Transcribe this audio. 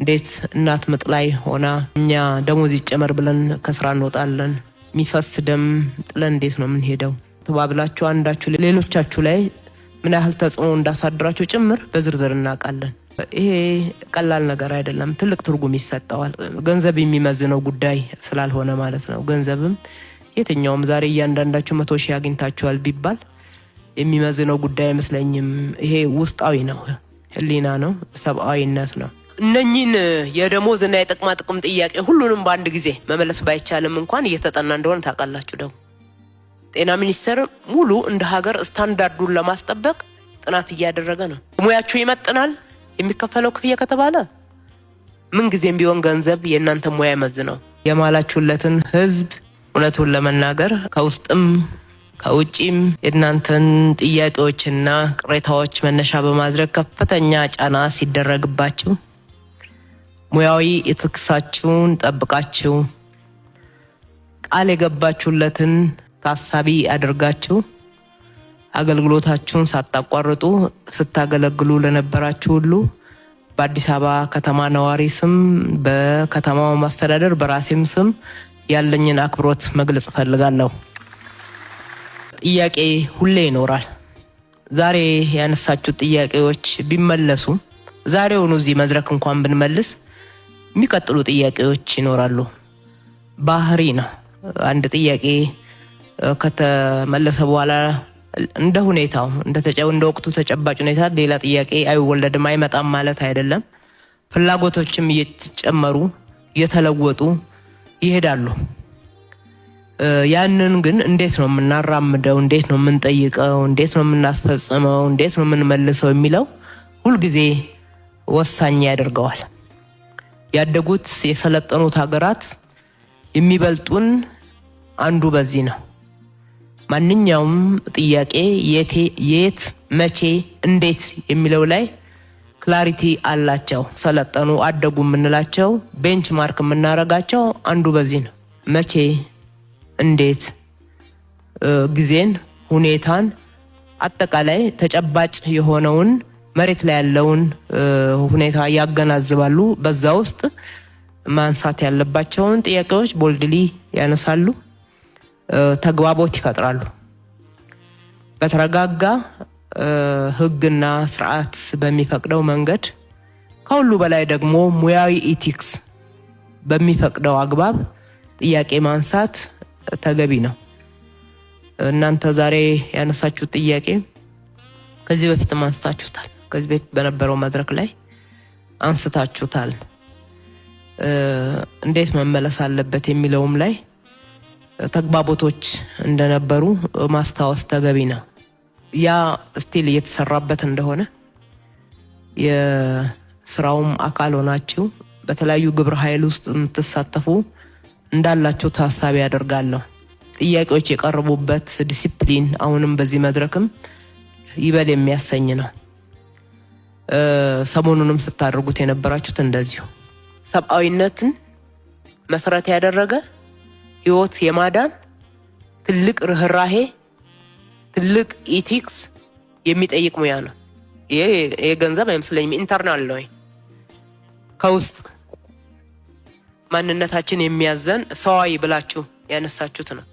እንዴት እናት ምጥ ላይ ሆና እኛ ደሞዝ ይጨመር ብለን ከስራ እንወጣለን። የሚፈስ ደም ጥለን እንዴት ነው የምንሄደው? ተባብላችሁ አንዳችሁ ሌሎቻችሁ ላይ ምን ያህል ተጽዕኖ እንዳሳድራችሁ ጭምር በዝርዝር እናውቃለን። ይሄ ቀላል ነገር አይደለም። ትልቅ ትርጉም ይሰጠዋል። ገንዘብ የሚመዝነው ጉዳይ ስላልሆነ ማለት ነው። ገንዘብም የትኛውም ዛሬ እያንዳንዳችሁ መቶ ሺህ አግኝታችኋል ቢባል የሚመዝነው ጉዳይ አይመስለኝም። ይሄ ውስጣዊ ነው፣ ህሊና ነው፣ ሰብአዊነት ነው። እነኚህን የደሞዝ እና የጥቅማ ጥቅም ጥያቄ ሁሉንም በአንድ ጊዜ መመለስ ባይቻልም እንኳን እየተጠና እንደሆነ ታውቃላችሁ። ደግሞ ጤና ሚኒስቴር ሙሉ እንደ ሀገር ስታንዳርዱን ለማስጠበቅ ጥናት እያደረገ ነው። ሙያችሁ ይመጥናል የሚከፈለው ክፍያ ከተባለ ምን ጊዜም ቢሆን ገንዘብ የእናንተ ሙያ ነው? የማላችሁለትን ህዝብ እውነቱን ለመናገር ከውስጥም ከውጪም የእናንተን ጥያቄዎችና ቅሬታዎች መነሻ በማድረግ ከፍተኛ ጫና ሲደረግባችሁ ሙያዊ የትክሳችሁን ጠብቃችሁ ቃል የገባችሁለትን ታሳቢ አድርጋችሁ አገልግሎታችሁን ሳታቋርጡ ስታገለግሉ ለነበራችሁ ሁሉ በአዲስ አበባ ከተማ ነዋሪ ስም በከተማው ማስተዳደር በራሴም ስም ያለኝን አክብሮት መግለጽ እፈልጋለሁ። ጥያቄ ሁሌ ይኖራል። ዛሬ ያነሳችሁ ጥያቄዎች ቢመለሱ ዛሬውኑ እዚህ መድረክ እንኳን ብንመልስ የሚቀጥሉ ጥያቄዎች ይኖራሉ። ባህሪ ነው። አንድ ጥያቄ ከተመለሰ በኋላ እንደ ሁኔታው እንደ ወቅቱ ተጨባጭ ሁኔታ ሌላ ጥያቄ አይወለድም አይመጣም ማለት አይደለም። ፍላጎቶችም እየተጨመሩ እየተለወጡ ይሄዳሉ። ያንን ግን እንዴት ነው የምናራምደው? እንዴት ነው የምንጠይቀው? እንዴት ነው የምናስፈጽመው? እንዴት ነው የምንመልሰው የሚለው ሁልጊዜ ወሳኝ ያደርገዋል። ያደጉት የሰለጠኑት ሀገራት የሚበልጡን አንዱ በዚህ ነው። ማንኛውም ጥያቄ የት፣ መቼ፣ እንዴት የሚለው ላይ ክላሪቲ አላቸው። ሰለጠኑ፣ አደጉ የምንላቸው ቤንች ማርክ የምናረጋቸው አንዱ በዚህ ነው። መቼ፣ እንዴት፣ ጊዜን፣ ሁኔታን አጠቃላይ ተጨባጭ የሆነውን መሬት ላይ ያለውን ሁኔታ ያገናዝባሉ። በዛ ውስጥ ማንሳት ያለባቸውን ጥያቄዎች ቦልድሊ ያነሳሉ፣ ተግባቦት ይፈጥራሉ። በተረጋጋ ሕግና ስርዓት በሚፈቅደው መንገድ ከሁሉ በላይ ደግሞ ሙያዊ ኢቲክስ በሚፈቅደው አግባብ ጥያቄ ማንሳት ተገቢ ነው። እናንተ ዛሬ ያነሳችሁት ጥያቄ ከዚህ በፊት አንስታችሁታል። ከዚህ በፊት በነበረው መድረክ ላይ አንስታችሁታል። እንዴት መመለስ አለበት የሚለውም ላይ ተግባቦቶች እንደነበሩ ማስታወስ ተገቢ ነው። ያ ስቲል እየተሰራበት እንደሆነ የስራውም አካል ሆናችሁ በተለያዩ ግብረ ኃይል ውስጥ የምትሳተፉ እንዳላችሁ ታሳቢ ያደርጋለሁ። ጥያቄዎች የቀረቡበት ዲሲፕሊን አሁንም በዚህ መድረክም ይበል የሚያሰኝ ነው። ሰሞኑንም ስታደርጉት የነበራችሁት እንደዚሁ ሰብአዊነትን መሰረት ያደረገ ህይወት የማዳን ትልቅ ርህራሄ፣ ትልቅ ኢቲክስ የሚጠይቅ ሙያ ነው። ይሄ የገንዘብ አይመስለኝም። ኢንተርናል ነው፣ ከውስጥ ማንነታችን የሚያዘን ሰዋዊ ብላችሁ ያነሳችሁት ነው።